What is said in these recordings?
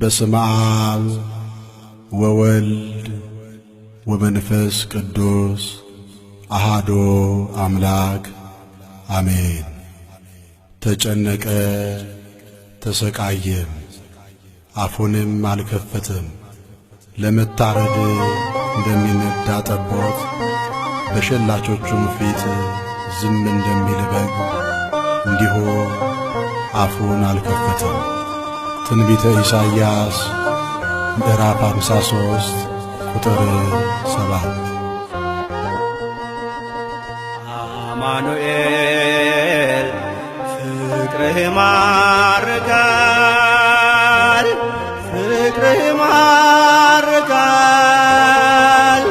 በስመ አብ ወወልድ ወመንፈስ ቅዱስ አሃዶ አምላክ አሜን። ተጨነቀ ተሰቃየም፣ አፉንም አልከፈትም ለመታረድ እንደሚነዳ ጠቦት በሸላቾቹም ፊት ዝም እንደሚል በግ እንዲሁ አፉን አልከፈትም። ትንቢተ ኢሳይያስ ምዕራፍ 53 ቁጥር 7 አማኑኤል ፍቅርህ ማርካል ፍቅርህ ማርካል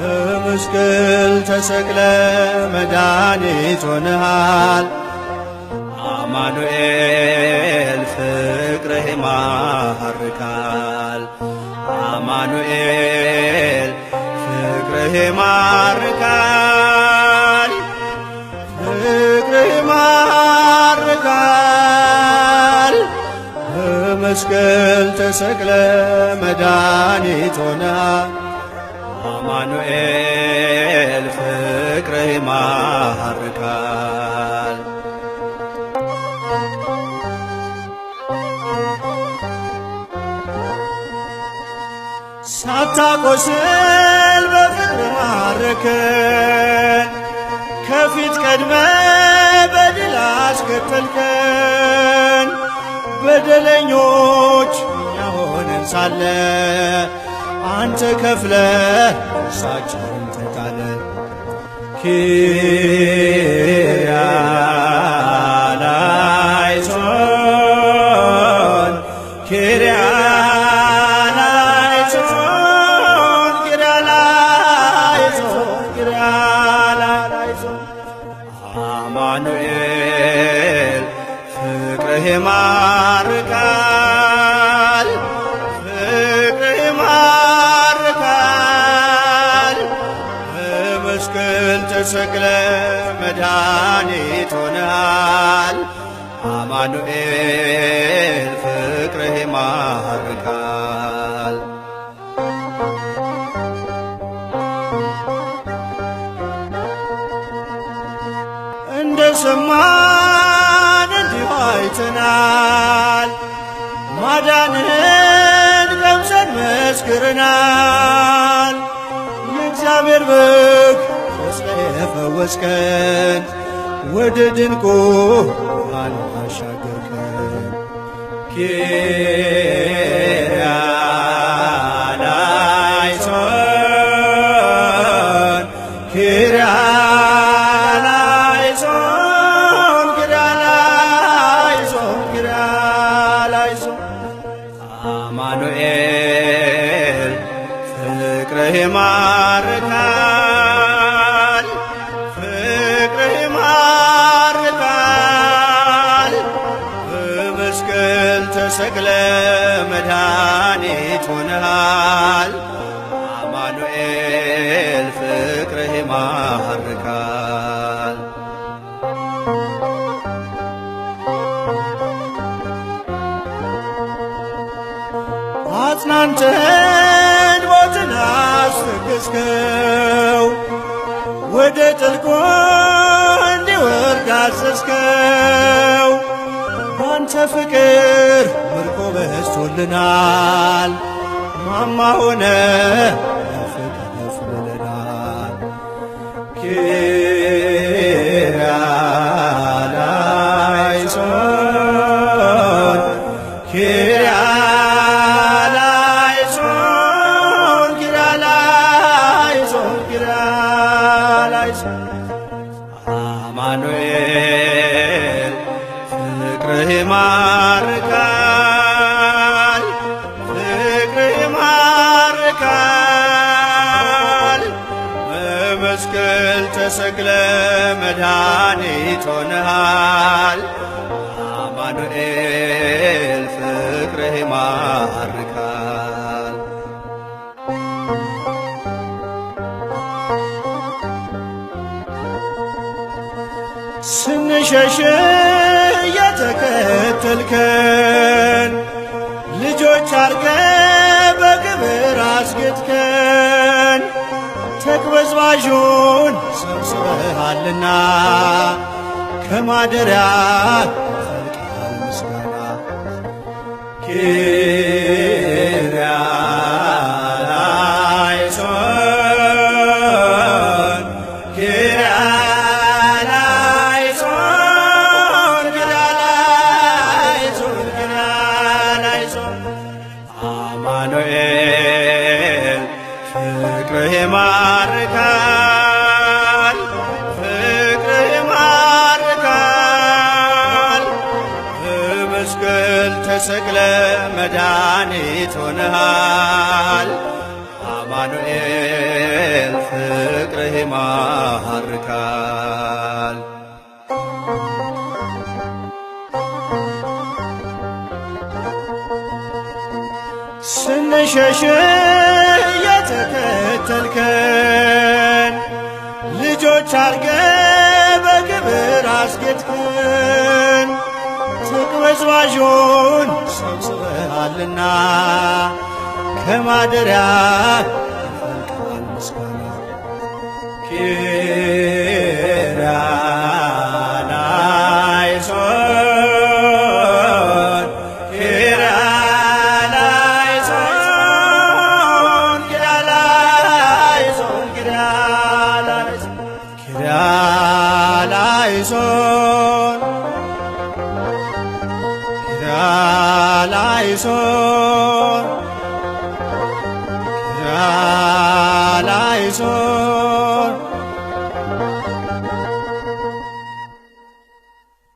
በመስቀል ተሰቅለ መድኃኒት ሆነሃል አማኑኤል ይማርካል። አማኑኤል ፍቅርህ ይማርካል፣ ፍቅርህ ይማርካል። በመስቀል ተሰቅለ መድኃኒት ሆነ አማኑኤል ሳታቆስል በፍቅር ማረከን ከፊት ቀድመ በድል አስከተልከን። በደለኞች እኛ ሆነን ሳለ አንተ ከፍለ እርሳችንን ተካለ ኪርያ ሚካኤል ፍቅርህ ይማርካል ፍቅርህ ይማርካል በመስቀል ተሰቅለ መድኃኒት ሆነሃል አማኑኤል ፍቅርህ ይማርካል ሰማን እንዲሁ አይተናል። ማዳንህን ቀምሰን መስክርናል። የእግዚአብሔር በግ ወስለ የፈወስከን ወደ ድንቁ አሻገርከን አማኑኤል ፍቅርህ ይማርካል፣ ፍቅርህ ይማርካል። በመስቀል ተሰቅለ መድኃኒት ሆነሃል አማኑኤል ፍቅርህ ይማርካል አንተን ሞትን አስነገሥከው፣ ወደ ጥልቁ እንዲወርድ አዘዝከው። ባንተ ፍቅር ምርኮ በዝቶልናል፣ ማማ ሆነ ፍቅር አማኑኤል ፍቅርህ ይማርካል ፍቅርህ ይማርካል በመስቀል ተሰቅለ መድኃኒት ሆነሃል አማኑኤል ሸሽ የተከተልከን ልጆች አርገ በግብር አስገድከን ተቅበዝባዡን ሰብስበሃልና ከማደሪያ ፈልቃል ምስጋና ስቅለ መድኃኒት ሆነሃል አማኑኤል ፍቅርህ ይማርካል። ስንሸሽ የተከተልከን ልጆች አርገ በግብር አስጌጥከን ትቅበዝባዦ ገብቷልና ከማደሪያ ይፈልቃል ምስጋና ኪርያላይሶን ኪርያላይሶን ኪርያላይሶን eyes